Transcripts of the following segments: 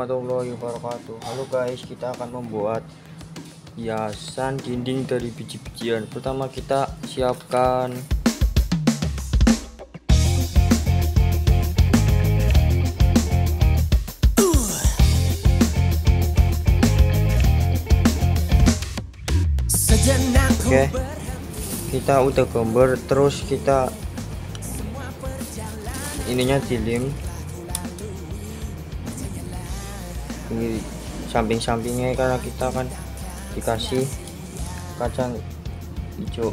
warahmatullahi wabarakatuh Halo guys kita akan membuat hiasan dinding dari biji-bijian pertama kita siapkan Oke kita udah gambar terus kita ininya dilim di samping-sampingnya karena kita akan dikasih kacang hijau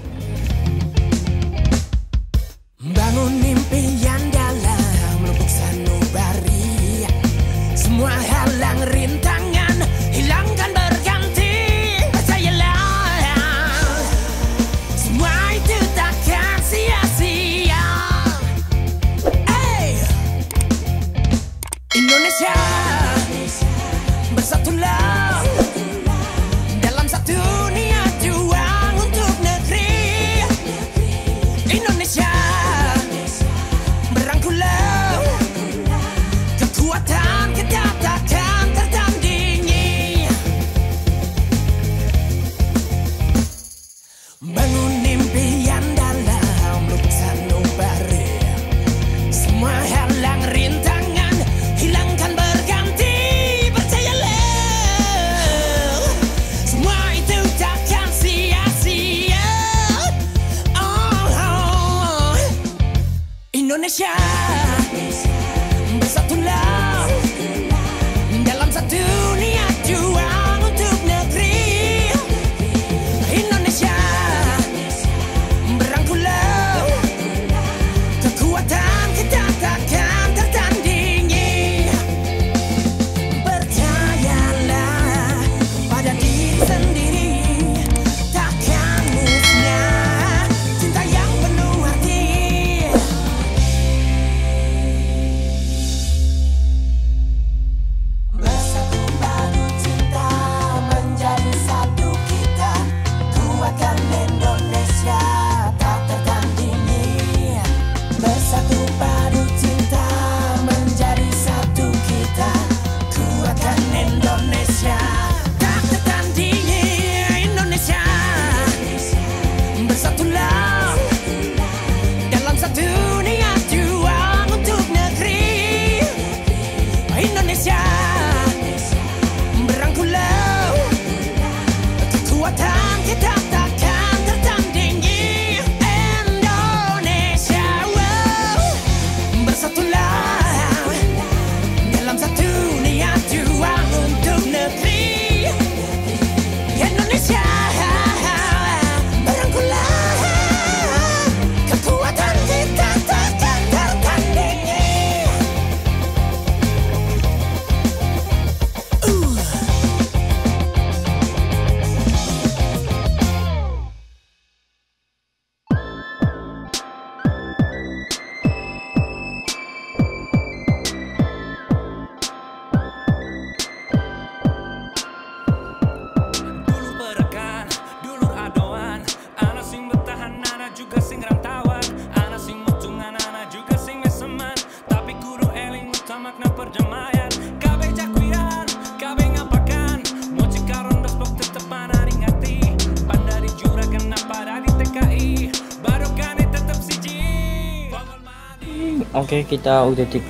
Oke okay, kita udah di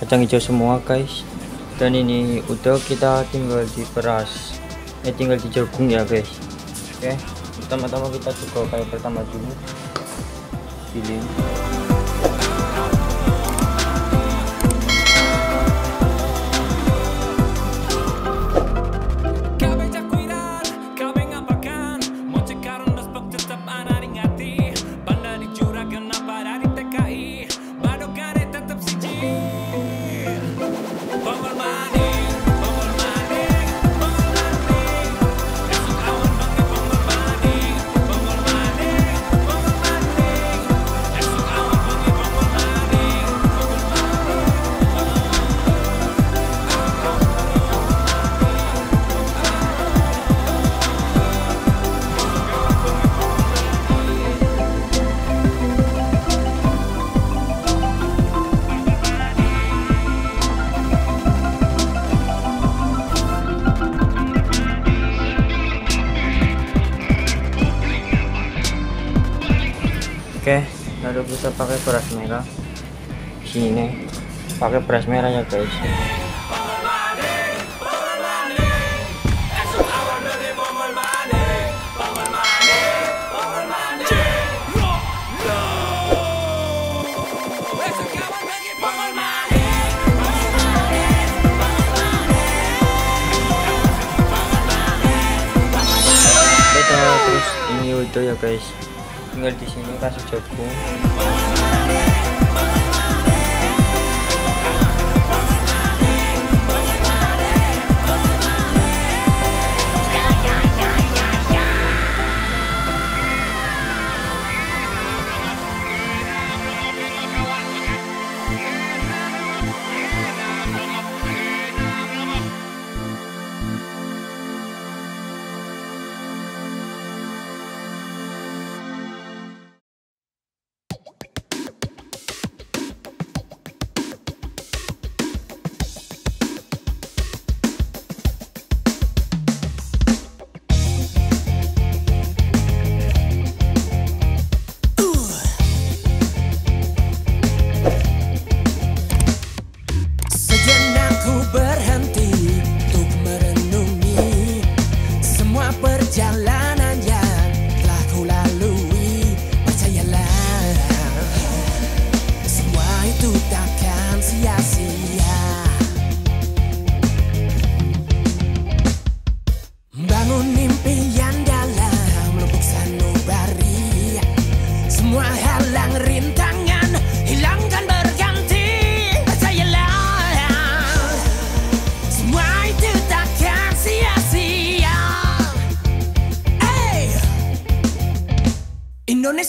kacang hijau semua guys dan ini udah kita tinggal diperas eh tinggal di jagung ya guys oke okay. pertama-tama kita juga kayak pertama dulu pilih merah sini pakai beras merah ya guys terus ini udah ya guys tinggal di sini kasih jagung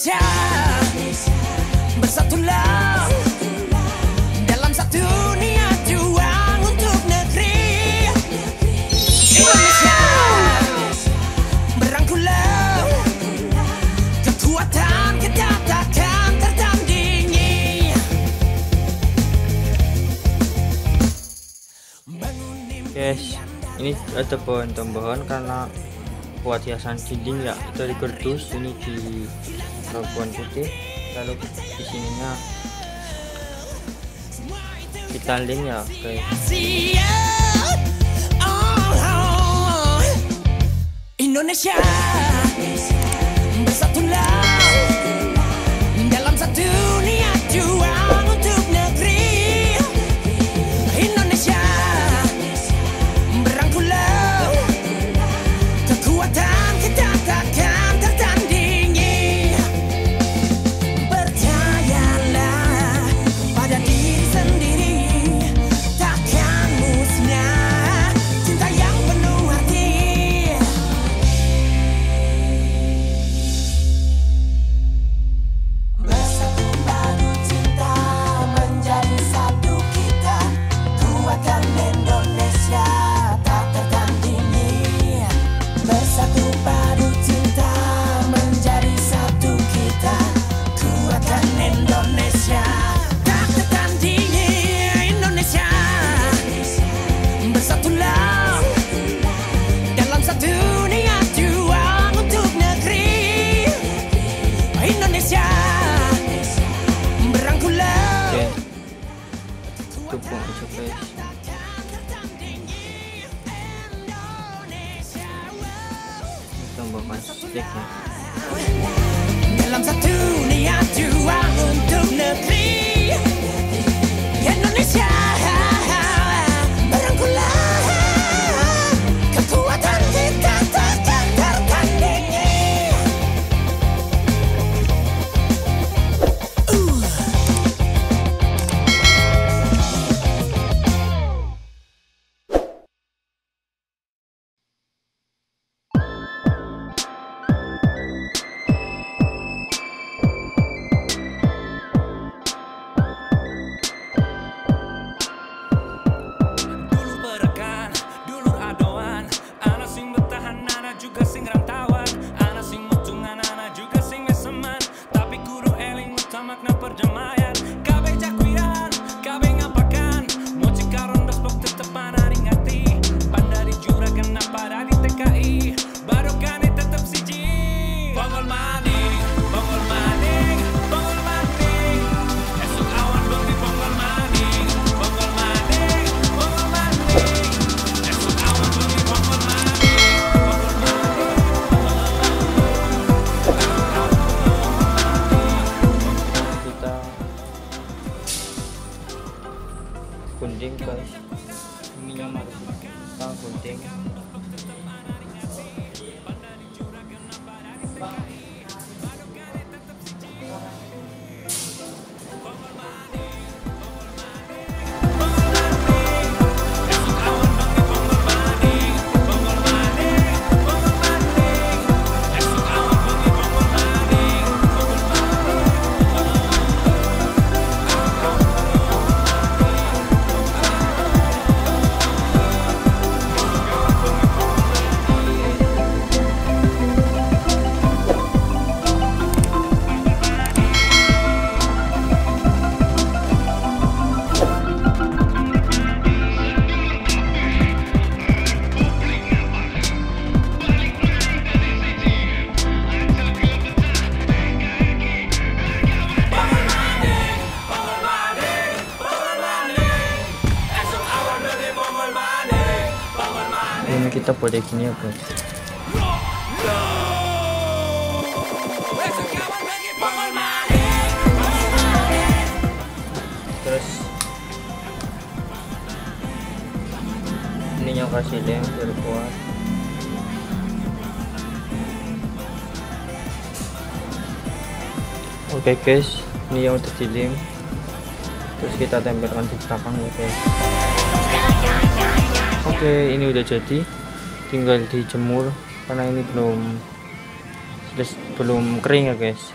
Indonesia Bersatulah Dalam satu niat juang untuk negeri Indonesia Berangkulah Kekuatan kita takkan tertandingi Guys, ini ada pohon tambahan karena buat hiasan dinding ya dari kardus ini di lampuan putih lalu di sininya kita link ya ke Indonesia บอกว่าเล็กน้อะ que não perdeu buradakini Terus ini yang kasih lem kuat. Oke okay guys, ini yang udah di lem. Terus kita tempelkan di belakang ya guys. Oke, okay, ini udah jadi tinggal dijemur karena ini belum belum kering ya guys